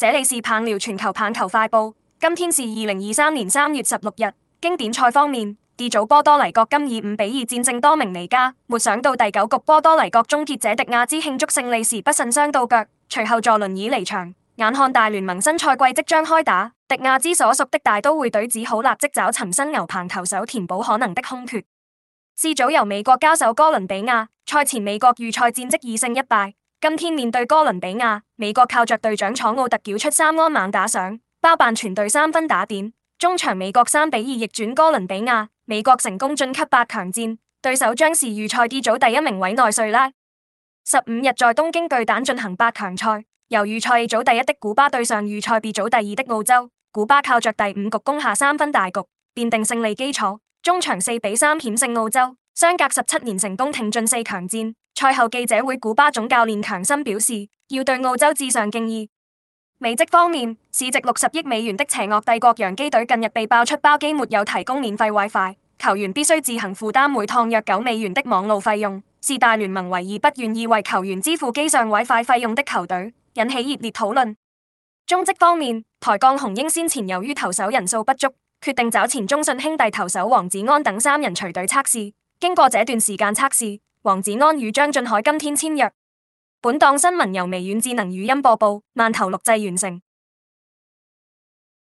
這裏是棒聊全球棒球快報，今天是二零二三年三月十六日。經典賽方面，D 組波多黎各今以五比二戰勝多明尼加，沒想到第九局波多黎各終結者迪亞茲慶祝勝，勝利時不慎傷到腳，隨後坐輪椅離場。眼看大聯盟新賽季即將開打，迪亞茲所屬的大都會隊只好立即找尋新牛棚投手填補可能的空缺。C 組由美國交手哥倫比亞，賽前美國預賽戰績二勝一敗。今天面對哥倫比亞，美國靠着隊長楚奧特繳出三安猛打賞，包辦全隊三分打點，終場美國三比二逆轉哥倫比亞，美國成功晉級八強戰，對手將是預賽 D 組第一名委內瑞拉。十五日在東京巨蛋進行八強賽，由預賽 E 組第一的古巴對上預賽 B 組第二的澳洲，古巴靠着第五局攻下三分大局，奠定勝利基礎，終場四比三險勝，勝澳洲。相隔十七年成功挺進四強戰，賽後記者會，古巴總教練強森表示要對澳洲致上敬意。美職方面，市值六十億美元的邪惡帝國洋基隊近日被爆出包機沒有提供免費 Wi-Fi，球員必須自行負擔每趟約九美元的網路費用，是大聯盟唯二不願意為球員支付機上 Wi-Fi 費用的球隊，引起熱烈討論。中職方面，台鋼雄鷹先前由於投手人數不足，決定找前中信兄弟投手王子安等三人隨隊測試。經過這段時間測試，王子安與張俊海今天簽約。本檔新聞由微軟智能語音播報，饅頭錄製完成。